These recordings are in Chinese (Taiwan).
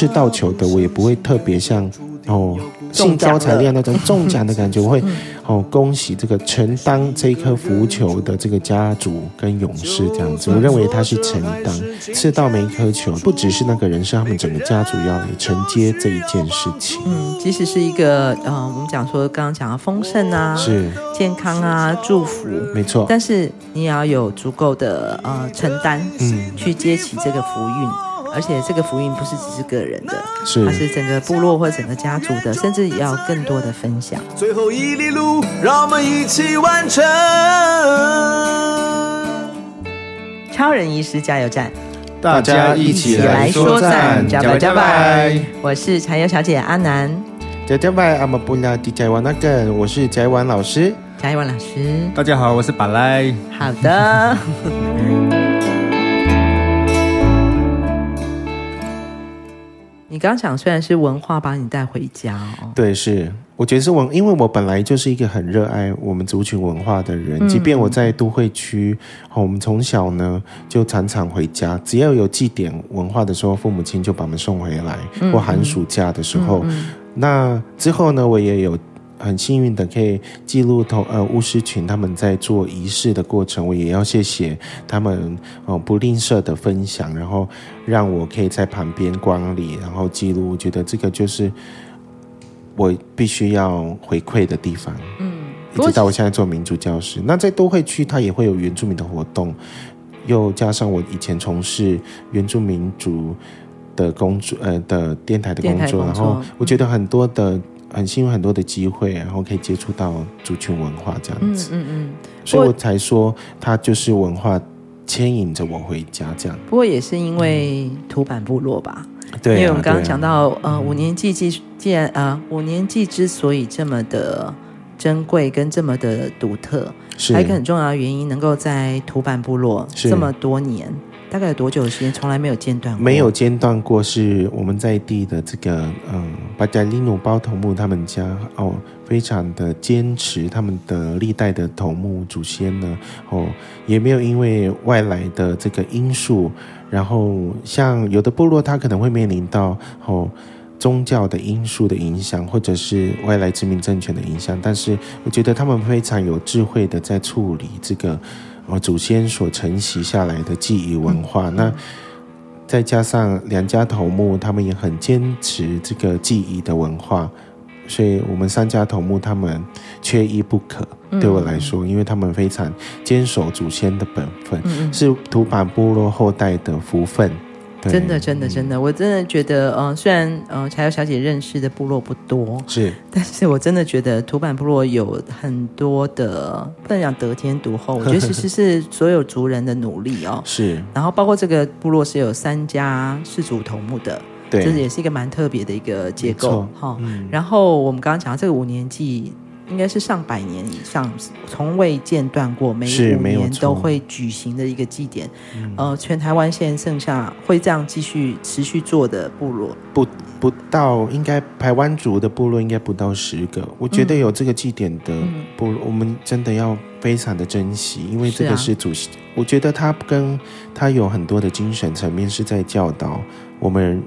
是吃到球的，我也不會特別像哦，興高采烈那種中獎的感覺。我會、嗯、哦，恭喜這個承擔這一顆福球的這個家族跟勇士這樣子。我認為他是承擔吃到每一顆球，不只是那個人，是他們整個家族要來承接這一件事情。嗯，即使是一個呃，我們講說剛剛講的豐盛啊，是健康啊，祝福，沒錯。但是你也要有足夠的呃承擔，嗯，去接起這個福運。嗯而且這個福音不是只是個人的，是它是整個部落或整個家族的，甚至也要更多的分享。最後一里路，讓我們一起完成。超人醫師加油站，大家一起來說聲，一說加油！加油！我是柴油小姐阿南。加加拜阿瑪布納迪加萬納根，我是加萬老師，加一萬老師。大家好，我是巴賴。好的。 你剛剛講，雖然是文化把你帶回家哦，對，是我覺得是文，因為我本來就是一個很熱愛我們族群文化的人，嗯嗯，即便我在都會區，我們從小呢就常常回家，只要有祭典文化的時候，父母親就把我們送回來，嗯嗯，或寒暑假的時候，嗯嗯，那之後呢，我也有。很幸運的可以記錄同呃巫師群他們在做儀式的過程，我也要謝謝他們嗯、呃、不吝嗇的分享，然後讓我可以在旁邊觀禮，然後記錄。我覺得這個就是我必須要回饋的地方。嗯，一直到我現在做民族教師，嗯、那在都會區他也會有原住民的活動，又加上我以前從事原住民族的工作呃的電台的工作，工作然後我覺得很多的、嗯。很幸運很多的機會，然後可以接觸到族群文化這樣子，嗯嗯嗯，嗯嗯所以我才說，過它就是文化牽引着我回家這樣。不過也是因為土坂部落吧，對、嗯，因為我們剛剛講到，啊啊、呃，五年祭。既既然啊、呃，五年祭之所以這麼的珍貴跟這麼的獨特，是，還有一個很重要的原因，能夠在土坂部落這麼多年，是大概有多久的時間從來沒有間斷過，沒有間斷過，是我們在地的這個嗯。巴加利努包頭目他們家哦，非常的堅持，他們的歷代的頭目祖先呢，哦，也沒有因為外來的這個因素，然後像有的部落他可能會面臨到哦宗教的因素的影響，或者是外來殖民政權的影響，但是我覺得他們非常有智慧的在處理這個哦祖先所承襲下來的祭儀文化、嗯、那。再加上兩家頭目，他們也很堅持這個祭儀的文化，所以我們三家頭目他們缺一不可。嗯嗯嗯，對我來說，因為他們非常堅守祖先的本分，嗯嗯，是土坂部落後代的福分。對真的，真的，真的，我真的覺得，嗯、呃，雖然，嗯、呃，柴油小姐認識的部落不多，是，但是我真的覺得土坂部落有很多的，不能講得天獨厚，我覺得其實是，是所有族人的努力哦， 是，然後包括這個部落是有三家氏族頭目的，對，這也是一個蠻特別的一個結構哈，然後我們剛剛講到這個五年祭。應該是上百年以上，從未間斷過，每五年都會舉行的一個祭典。呃，全台灣現在剩下會這樣繼續持續做的部落，不不到應該排灣族的部落應該不到十個。我覺得有這個祭典的部落，嗯、我們真的要非常的珍惜，因為這個是主席。啊、我覺得他跟他有很多的精神層面是在教導我們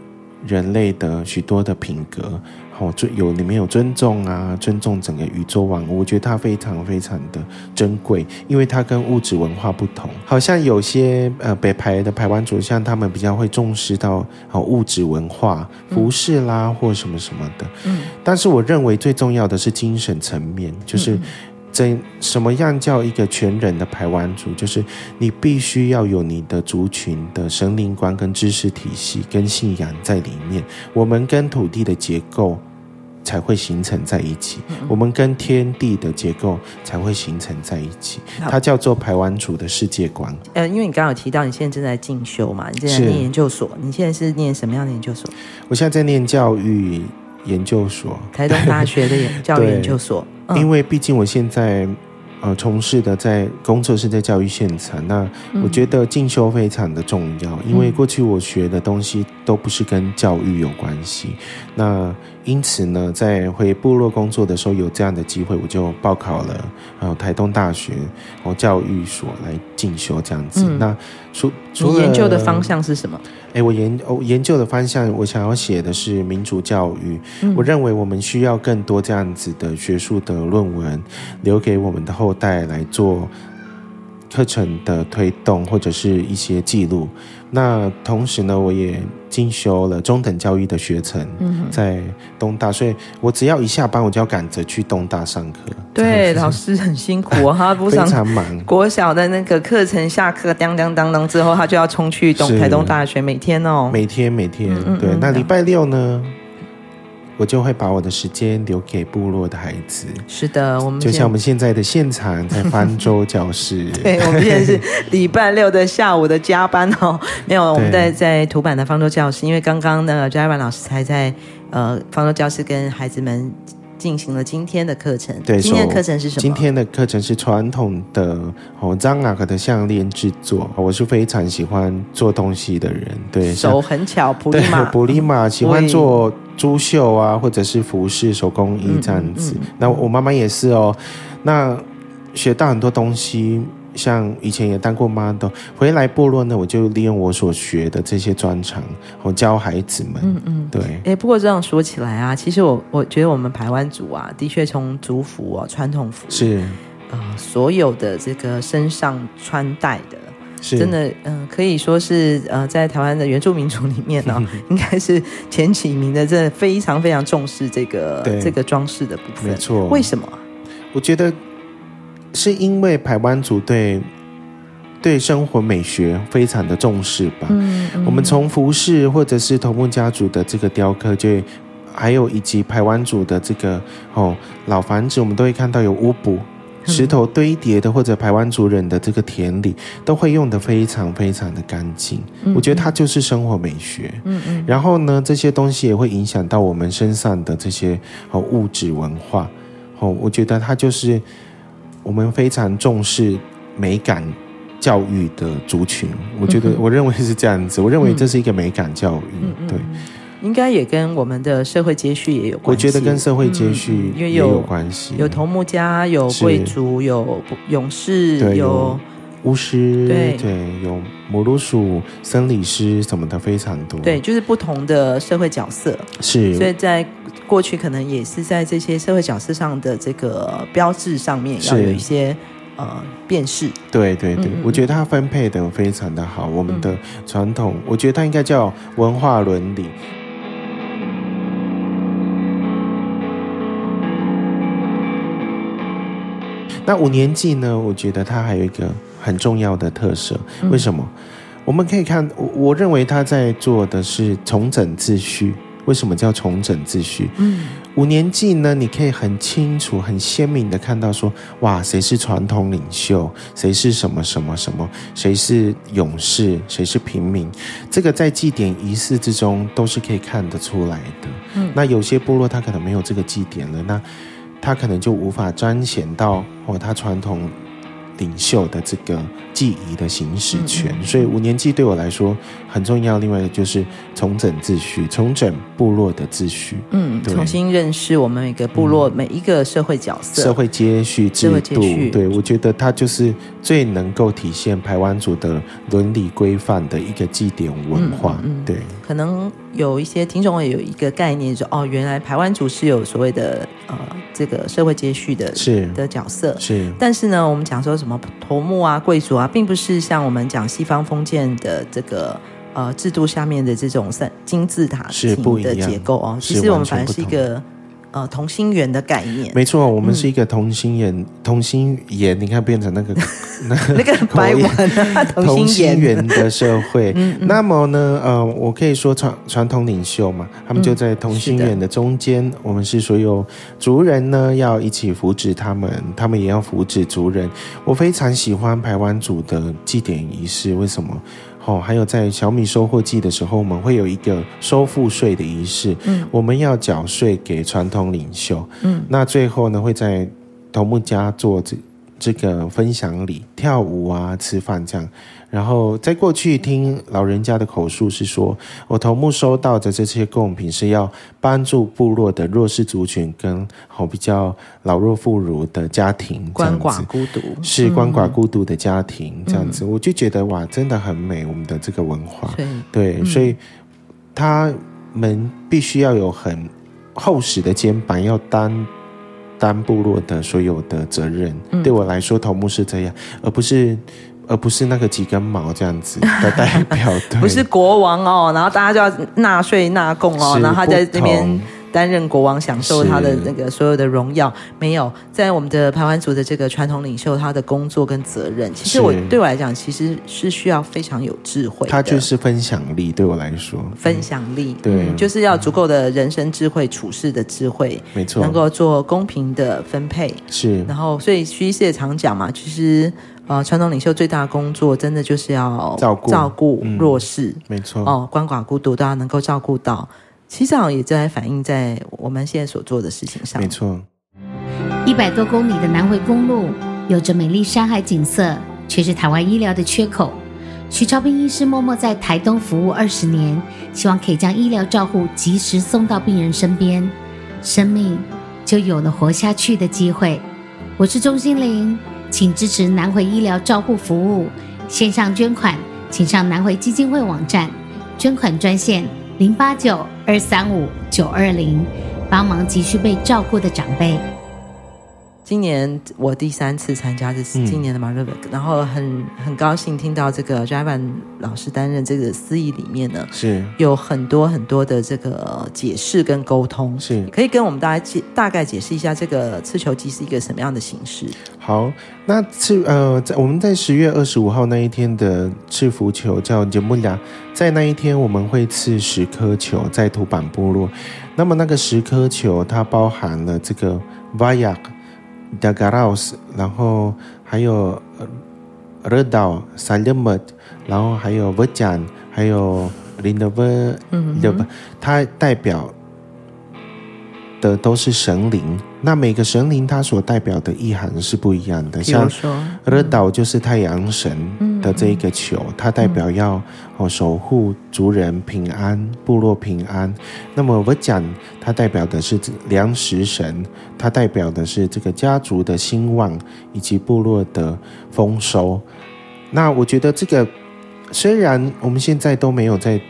人類的許多的品格。我尊有裡面有尊重啊，尊重整個宇宙萬物，我覺得它非常非常的珍貴，因為它跟物質文化不同。好像有些呃北排的排灣族，像他們比較會重視到好、哦、物質文化、服飾啦、嗯、或什麼什麼的。嗯，但是我認為最重要的是精神層面，就是怎什麼樣叫一個全人的排灣族，就是你必須要有你的族群的神靈觀、跟知識體系、跟信仰在裡面。我們跟土地的結構，才會形成在一起，嗯、我們跟天地的結構才會形成在一起，好它叫做排灣族的世界觀。呃，因為你剛剛有提到你現在正在進修嘛，你正在念研究所，是你現在是念什麼樣的研究所？我現在在念教育研究所，台東大學的教育研究所。 對嗯、因為畢竟我現在。呃，從事的在工作是在教育現場。那我覺得進修非常的重要，嗯、因為過去我學的東西都不是跟教育有關係。那因此呢，在回部落工作的時候，有這樣的機會，我就報考了呃台東大學然後、哦、教育所來，進修這樣子，嗯、那除除了研究的方向是什麼？誒、欸，我研哦研究的方向，我想要寫的是民族教育。嗯、我認為我們需要更多這樣子的學術的論文，留給我們的後代來做課程的推動，或者是一些記錄。那同時呢，我也。進修了中等教育的學程，嗯、哼在東大，所以我只要一下班，我就要趕着去東大上課。對，就是、老師很辛苦，哦，唉他上非常忙。國小的那個課程下課，當當當當之後，他就要衝去東台東大學。是每天哦，每天每天，每天嗯嗯對。嗯嗯，那禮拜六呢？我就會把我的時間留給部落的孩子。是的，我們就像我們現在的現場在方舟教室。 對，我們現在是禮拜六的下午的加班哦。 沒有，我們在對在土坂的方舟教室，因為剛剛呢，tjaiwan 老師才在呃方舟教室跟孩子們。進行了今天的課程，對，今天的課程是什麼？今天的課程是傳統的哦，藏納克的項鏈制作。我是非常喜歡做東西的人，對手很巧，普利對，普利瑪喜歡做珠繡啊，嗯、或者是服飾手工藝這樣子。嗯嗯嗯、那我媽媽也是哦，那學到很多東西。像以前也當過媽的，回來部落呢，我就利用我所學的這些專長，我教孩子們。嗯嗯，對、嗯。哎、欸，不過這樣說起來啊，其實我我覺得我們排灣族啊，的確從族服啊、哦、傳統服是、呃、所有的這個身上穿戴的，是真的嗯、呃，可以說是呃，在台灣的原住民族裡面呢、哦，嗯、應該是前幾名的，真的非常非常重視這個對這個裝飾的部分。沒錯錯，為什麼、啊？我覺得。是因為排灣族對，對生活美學非常的重視吧。嗯嗯、我們從服飾或者是頭目家族的這個雕刻就，就還有以及排灣族的這個哦老房子，我們都會看到有烏布石頭堆疊的，或者排灣族人的這個田裡、嗯、都會用得非常非常的乾淨。嗯、我覺得它就是生活美學。嗯嗯，嗯然後呢，這些東西也會影響到我們身上的這些和、哦、物質文化。哦，我覺得它就是。我們非常重視美感教育的族群，我覺得、嗯、哼我認為是這樣子，我認為這是一個美感教育，嗯、對，應該也跟我們的社會階序也有關係，我覺得跟社會階序也有關係，嗯、有頭目家，有貴族，有勇士，有。巫師對，對，有摩魯鼠、生理師什麼的非常多。對，就是不同的社會角色是，所以在過去可能也是在這些社會角色上的這個標誌上面要有一些是呃辨識。對對對，嗯嗯嗯，我覺得它分配的非常的好。我們的傳統，嗯、我覺得它應該叫文化倫理。嗯、那五年祭呢？我覺得它還有一個。很重要的特色，為什麼？嗯、我們可以看，我我認為他在做的是重整秩序。為什麼叫重整秩序？嗯，五年祭呢？你可以很清楚、很鮮明的看到說，哇，誰是傳統領袖？誰是什麼什麼什麼？誰是勇士？誰是平民？這個在祭典儀式之中都是可以看得出來的。嗯，那有些部落他可能沒有這個祭典了，那他可能就無法彰顯到哦，他傳統。領袖的這個祭儀的行使權，嗯、所以五年祭對我來說很重要。另外一個就是重整秩序，重整部落的秩序。嗯，對重新認識我們每個部落、每一個社會角色，嗯、社會接續制度。對，我覺得它就是最能夠體現排灣族的倫理規範的一個祭典文化。嗯嗯、對。可能有一些聽眾也有一個概念說、就是，哦，原來排灣族是有所謂的呃，這個社會階序的，是的角色，是。但是呢，我們講說什麼頭目啊、貴族啊，並不是像我們講西方封建的這個呃制度下面的這種三金字塔的結構哦。是其實我們反而是一個。呃，同心圓的概念。沒錯，我們是一個同心圓，嗯、同心圓，你看變成那個 那個排灣 同心圓的社會。嗯嗯、那麼呢，呃，我可以說傳傳統領袖嘛，他們就在同心圓的中間。嗯、我們是所有族人呢要一起扶持他們，他們也要扶持族人。我非常喜歡排灣族的祭典儀式，為什麼？哦，還有在小米收穫季的時候，我們會有一個收賦稅的儀式，嗯，我們要繳稅給傳統領袖，嗯，那最後呢會在頭目家做這這個分享禮，跳舞啊，吃飯這樣。然後在過去聽老人家的口述是說，嗯、我頭目收到的這些貢品是要幫助部落的弱勢族群，跟好比較老弱婦孺的家庭，寡孤獨是鰥寡孤獨的家庭這樣子，嗯、我就覺得哇，真的很美，我們的這個文化，嗯、對，所以他們必須要有很厚實的肩膀，要擔當部落的所有的責任。對我來說，頭目是這樣，而不是。而不是那個幾根毛這樣子的代表，對 不是國王哦，然後大家就要納稅納貢哦，是然後他在那邊擔任國王，享受他的那個所有的榮耀。是沒有，在我們的排灣族的這個傳統領袖，他的工作跟責任，其實我是對我來講，其實是需要非常有智慧。他就是分享力，對我來說，分享力、嗯、對、嗯，就是要足夠的人生智慧、嗯、處世的智慧，沒錯，能夠做公平的分配是。然後，所以徐醫師也常講嘛，其實。呃傳統領袖最大的工作，真的就是要照顧顧弱勢，嗯、沒錯哦，鰥、呃、寡孤獨，大家能夠照顧到，其實也正在反映在我們現在所做的事情上，沒錯錯。一百多公里的南回公路，有着美麗山海景色，卻是台灣醫療的缺口。徐超斌醫師默默在台東服務二十年，希望可以將醫療照護及時送到病人身邊，生命就有了活下去的機會。我是鍾心玲。請支持南迴醫療照顧服務線上捐款，請上南迴基金會網站捐款專線零八九二三五九二零，20，幫忙急需被照顧的長輩。今年我第三次參加這次今年的 Maljeveq，嗯、然後很很高興聽到這個 tjaiwan 老師擔任這個司儀，裡面呢是有很多很多的這個解釋跟溝通，是可以跟我們大家解大概解釋一下這個刺球祭是一個什麼樣的形式？好，那刺呃在我們在十月二十五號那一天的刺福球叫節目啦，在那一天我們會刺十顆球在土坂部落，那麼那個十顆球它包含了這個 Vaya。a 格拉奧斯，araus，然後還有熱道薩列姆，然後還有 Vajan，還有林德沃，嗯，不，它代表的都是神靈。那每個神靈，它所代表的意涵是不一樣的。像如日島就是太陽神的這一個球，它代表要守護族人平安、部落平安。那麼我講，它代表的是糧食神，它代表的是這個家族的興旺以及部落的豐收。那我覺得，這個雖然我們現在都沒有在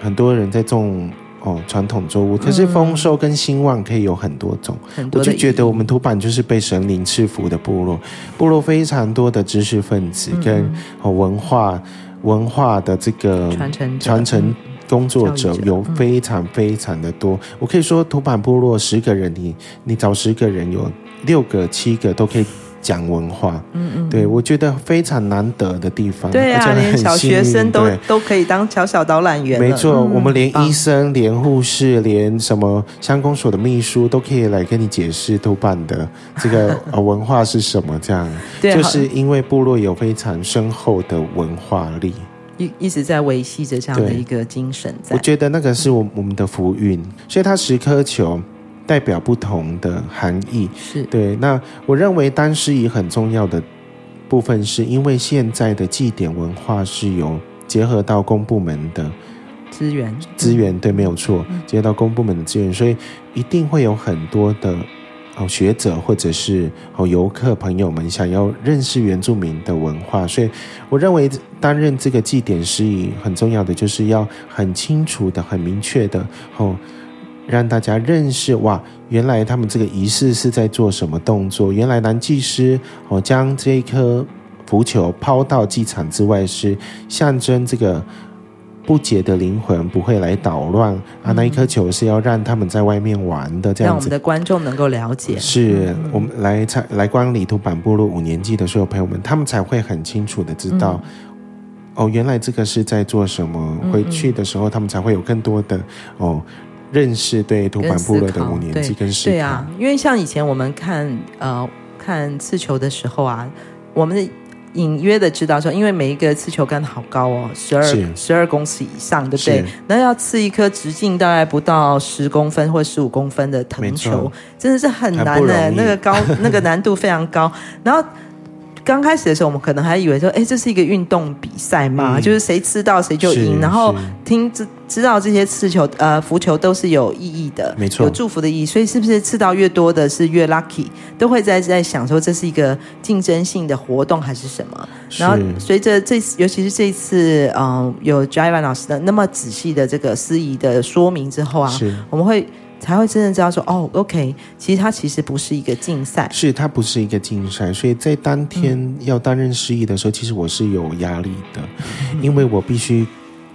很多人在種。哦，傳統作物，可是豐收跟興旺可以有很多種。嗯、我就覺得我們土坂就是被神靈賜福的部落，部落非常多的知識分子跟文化、嗯、文化的這個傳承傳承工作者有非常非常的多。嗯嗯、我可以說土坂部落十個人，你你找十個人，有六個七個都可以。講文化，嗯嗯，對我覺得非常難得的地方，對啊，而且連小學生都對都可以當小小導覽員。沒錯，嗯、我們連醫生、連護士、連什麼鄉公所的秘書都可以來跟你解釋土坂的這個文化是什麼。這樣， 對就是因為部落有非常深厚的文化力，一一直在維繫着這樣的一個精神在。我覺得那個是我我們的福運，嗯、所以它十顆球，代表不同的含義是對。那我認為當司儀很重要的部分，是因為現在的祭典文化是有結合到公部門的資源，資源對，沒有錯，結合到公部門的資源，所以一定會有很多的哦學者或者是遊客朋友們想要認識原住民的文化，所以我認為擔任這個祭典司儀很重要的就是要很清楚的、很明確的哦。讓大家認識哇！原來他們這個儀式是在做什麼動作？原來男祭師，哦將這一顆浮球拋到祭場之外，是象徵這個不解的靈魂不會來搗亂嗯嗯啊！那一顆球是要讓他們在外面玩的，這樣子讓我們的觀眾能夠了解。是嗯嗯我們來參來觀禮土坂部落五年祭的所有朋友們，他們才會很清楚的知道，嗯、哦，原來這個是在做什麼。回去的時候，他們才會有更多的嗯嗯哦。認識對土坂部落的五年祭，跟思考。對啊，因為像以前我們看呃看刺球的時候啊，我們隱約的知道說，因為每一個刺球竿好高哦，十二十二公尺以上，對不對？是那要刺一顆直徑大概不到十公分或十五公分的藤球，錯真的是很難的，那個高，那個難度非常高。 然後。剛開始的時候，我們可能還以為說，哎，這是一個運動比賽嘛，嗯、就是誰吃到誰就贏。是然後聽知是知道這些刺球、呃浮球都是有意義的，沒錯，有祝福的意義。所以是不是刺到越多的是越 lucky？都會在在想說這是一個競爭性的活動還是什麼？是然後隨着這次，尤其是這一次，嗯、呃，有 tjaiwan 老師的那麼仔細的這個司儀的說明之後啊，是我們會。才會真正知道說哦，OK，其實它其實不是一個競賽，是它不是一個競賽。所以在當天要擔任司儀的時候，嗯、其實我是有壓力的，因為我必須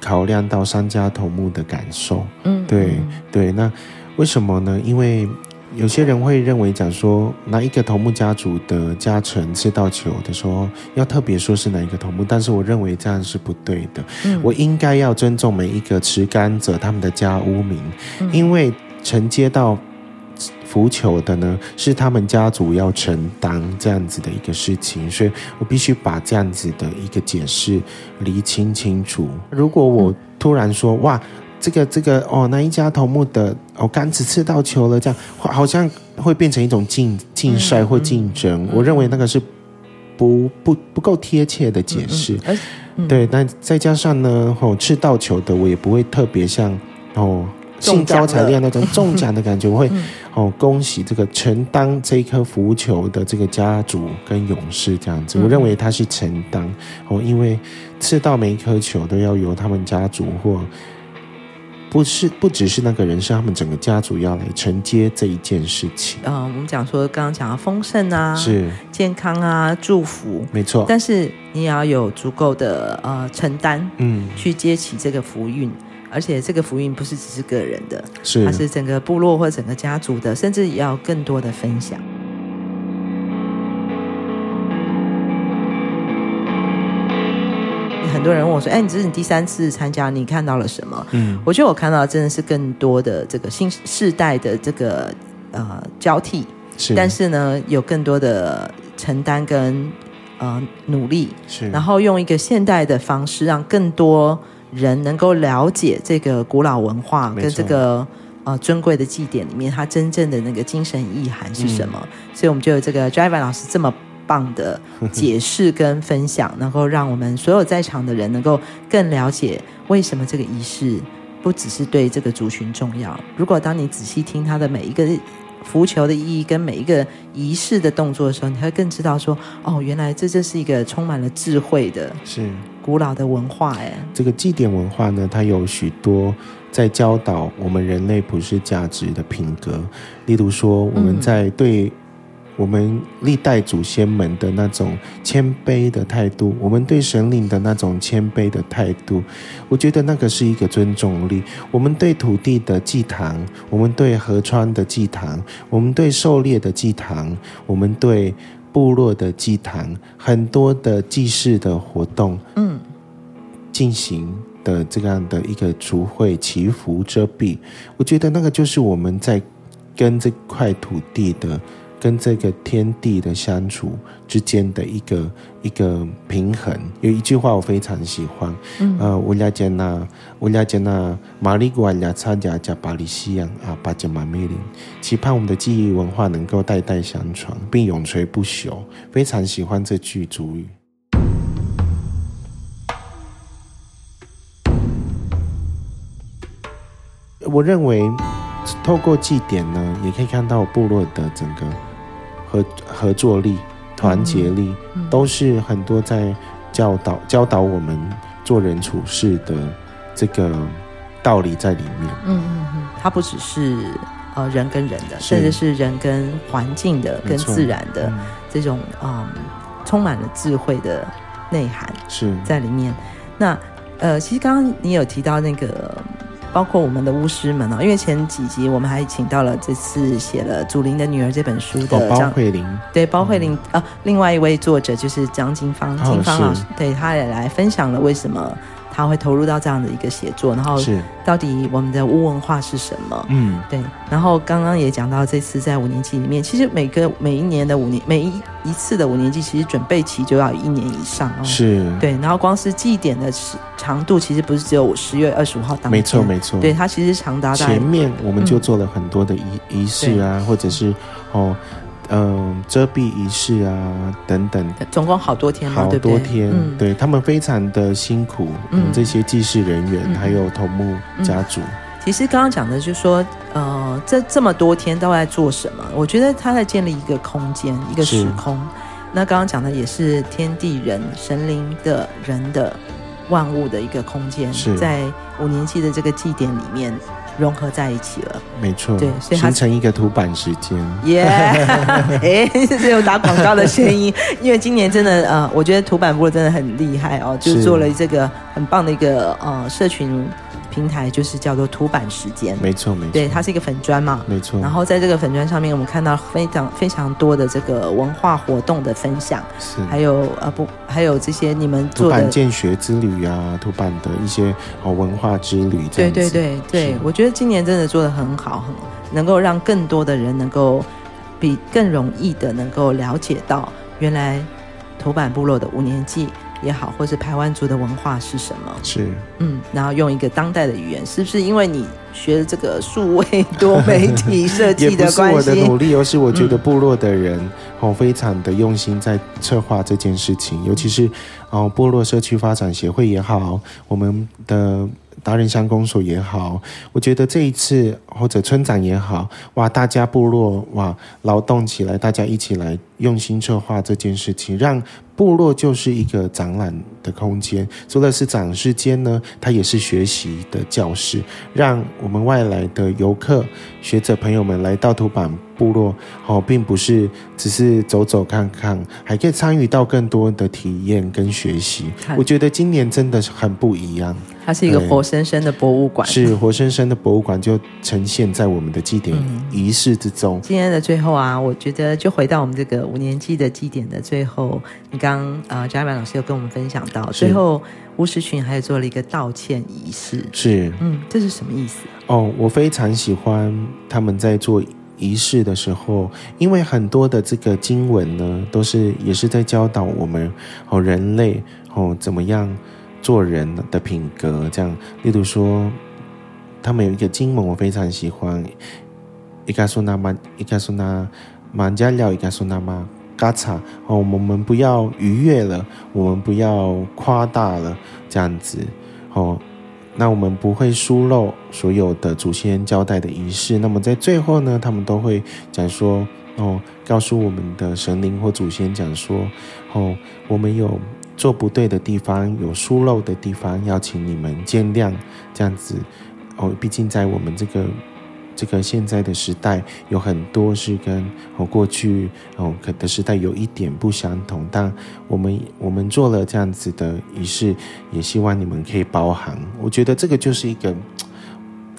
考量到三家頭目的感受。嗯，對嗯對。那為什麼呢？因為有些人會認為講說哪一個頭目家族的家臣吃到球的時候，要特別說是哪一個頭目，但是我認為這樣是不對的。嗯、我應該要尊重每一個持竿者他們的家屋名，嗯、因為。承接到福球的呢，是他們家族要承擔這樣子的一個事情，所以我必須把這樣子的一個解釋釐清清楚。如果我突然說哇，這個這個哦，哪一家頭目的哦，桿子刺到球了，這樣好像會變成一種競競賽或競爭，嗯嗯、我認為那個是不不不夠貼切的解釋。對，那再加上呢，哦，刺到球的我也不會特別像哦。興高采烈那種中獎、中獎的感覺，我會、嗯、哦，恭喜這個承擔這一顆福球的這個家族跟勇士這樣子。我認為他是承擔、嗯、哼哦，因為刺到每一顆球都要由他們家族，或不是不只是那個人，是他們整個家族要來承接這一件事情。呃，我們講說剛剛講到豐盛啊，是健康啊，祝福沒錯。但是你也要有足夠的呃承擔，嗯，去接起這個福運。嗯而且這個福運不是只是個人的，是，它是整個部落或整個家族的，甚至也要更多的分享。很多人問我說：“哎，你這是你第三次參加，你看到了什麼？”嗯，我覺得我看到的真的是更多的這個新世代的這個呃交替，是，但是呢，有更多的承擔跟呃努力，是，然後用一個現代的方式，讓更多。人能夠了解這個古老文化跟這個錯呃尊貴的祭典裡面，它真正的那個精神意涵是什麼？嗯、所以我們就有這個 tjaiwan 老師這麼棒的解釋跟分享， 能夠讓我們所有在場的人能夠更了解為什麼這個儀式不只是對這個族群重要。如果當你仔細聽他的每一個福球的意義跟每一個儀式的動作的時候，你會更知道說，哦，原來這這是一個充滿了智慧的。是。古老的文化，欸，誒，這個祭典文化呢，它有許多在教導我們人類普世價值的品格。例如說，我們在對我們歷代祖先們的那種謙卑的態度，我們對神靈的那種謙卑的態度，我覺得那個是一個尊重力。我們對土地的祭壇，我們對河川的祭壇，我們對狩獵的祭壇，我們對部落的祭壇，很多的祭祀的活動，嗯進行的這樣的一個族會祈福遮蔽，我覺得那個就是我們在跟這塊土地的、跟這個天地的相處之間的一個一個平衡。有一句話我非常喜歡，嗯、呃，烏拉杰納烏拉杰納馬裡古亞差亞加巴裡西昂啊，巴加馬美林、啊，期盼我們的記憶文化能夠代代相傳並永垂不朽。非常喜歡這句族語。我認為，透過祭典呢，也可以看到部落的整個合合作力、團結力，嗯嗯都是很多在教導教導我們做人處事的這個道理在裡面。嗯嗯嗯，它不只是呃人跟人的，甚至是，是人跟環境的、沒錯跟自然的、嗯、這種啊、呃，充滿了智慧的內涵是在裡面。是那呃，其實剛剛你有提到那個。包括我們的巫師們啊、哦，因為前幾集我們還請到了這次寫了《祖靈的女兒》這本書的張、哦、包慧玲，對，包慧玲、嗯、啊，另外一位作者就是張菁芳，哦、菁芳老師，對，他也來分享了為什麼。他會投入到這樣的一個寫作，然後到底我們的巫文化是什麼？嗯，對。然後剛剛也講到，這次在五年祭裡面，其實每個每一年的五年每一一次的五年祭，其實準備期就要一年以上哦。是，對。然後光是祭典的時長度，其實不是只有十月二十五號當天，沒錯沒錯。沒錯對，它其實長達到前面我們就做了很多的儀、嗯、儀式啊，對或者是哦。嗯，遮蔽儀式啊，等等，總共好多天，好多天，嗯、對他們非常的辛苦。嗯，嗯，這些祭祀人員、嗯、還有頭目家族。嗯嗯、其實剛剛講的就是說，呃，這這麼多天都在做什麼？我覺得他在建立一個空間，一個時空。是那剛剛講的也是天地人、神靈的人的萬物的一個空間，是在五年祭的這個祭典裡面。融合在一起了，沒錯錯，對，形成一個圖版時間。耶 Yeah， 欸、是這又有打廣告的聲音， 因為今年真的，呃，我覺得圖版部真的很厲害哦，就做了這個很棒的一個呃社群。平台就是叫做“土坂時間”，沒錯沒錯，對，它是一個粉專嘛，沒錯錯。然後在這個粉專上面，我們看到非常非常多的這個文化活動的分享，是，還有啊不，還有這些你們土坂見學之旅啊，土坂的一些好文化之旅。對對對是對，我覺得今年真的做得很好，很能夠讓更多的人能夠比更容易的能夠了解到原來土坂部落的五年祭。也好，或是排灣族的文化是什麼？是，嗯，然後用一個當代的語言，是不是因為你學的這個數位多媒體設計的關係？呵呵，也不是我的努力，而是我覺得部落的人、嗯、哦，非常的用心在策劃這件事情。尤其是哦，部落社區發展協會也好，我們的達仁鄉公所也好，我覺得這一次或者村長也好，哇，大家部落哇，勞動起來，大家一起來用心策劃這件事情，讓。部落就是一個展覽的空間，除了是展示間呢，它也是學習的教室，讓我們外來的遊客、學者朋友們來到土坂。部落哦，並不是只是走走看看，還可以參與到更多的體驗跟學習。看我覺得今年真的很不一樣，它是一個活生生的博物館、嗯，是活生生的博物館就呈現在我們的祭典儀式之中，嗯。今天的最後啊，我覺得就回到我們這個五年祭的祭典的最後，你剛啊，嘉、呃、偉老師有跟我們分享到是最後，巫師群還有做了一個道歉儀式，是嗯，這是什麼意思啊？哦，我非常喜歡他們在做。儀式的時候，因為很多的這個經文呢，都是也是在教導我們哦，人類哦怎麼樣做人的品格這樣。例如說，他們有一個經文我非常喜歡，伊卡蘇納瑪伊卡蘇納瑪加廖伊卡蘇納瑪嘎查哦，我們不要逾越了，我們不要誇大了，這樣子哦。那我們不會疏漏所有的祖先交代的儀式。那麼在最後呢，他們都會講說：“哦，告訴我們的神靈或祖先，講說，哦，我們有做不對的地方，有疏漏的地方，要請你們見諒。”這樣子，哦，畢竟在我們這個。這個現在的時代有很多是跟哦過去哦可的時代有一點不相同，但我們我們做了這樣子的儀式，也希望你們可以包含。我覺得這個就是一個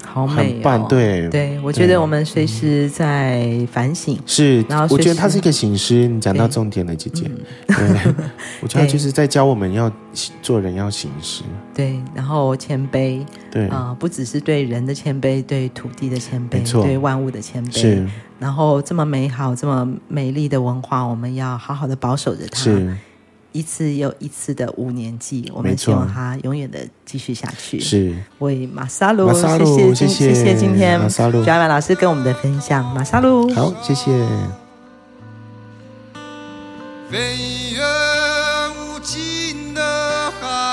好美，很棒，對、哦、對。對，我覺得我們隨時在反省，對嗯、是，我覺得他是一個醒師。你講到重點了，對姐姐。嗯、對 我覺得就是在教我們要對做人要，要醒師。對，然後謙卑。.對啊、呃，不只是對人的謙卑，對土地的謙卑，錯對萬物的謙卑。是然後這麼美好，這麼美麗的文化，我們要好好的保守着它。是一次又一次的五年祭，我們希望它永遠的繼續下去。錯是，為馬薩路，謝謝謝謝謝今天 tjaiwan 老師跟我們的分享，馬薩路，好，謝謝。飛越無盡的海。謝謝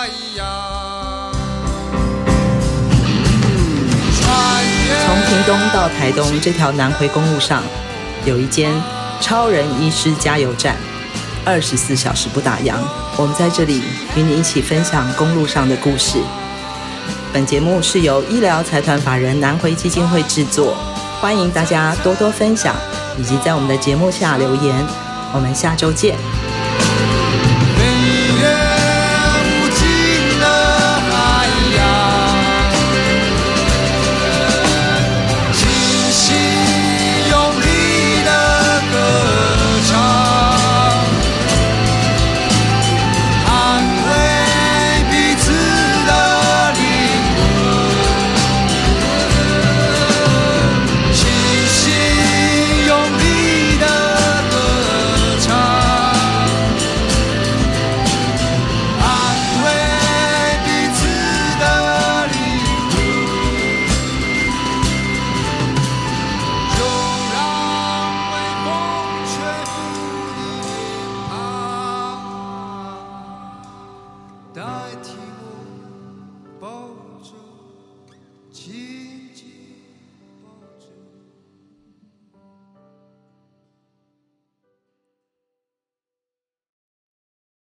屏東到台東這條南回公路上，有一間超人醫師加油站，二十四小時不打烊。我們在這裡與你一起分享公路上的故事。本節目是由醫療財團法人南回基金會制作，歡迎大家多多分享，以及在我們的節目下留言。我們下周見。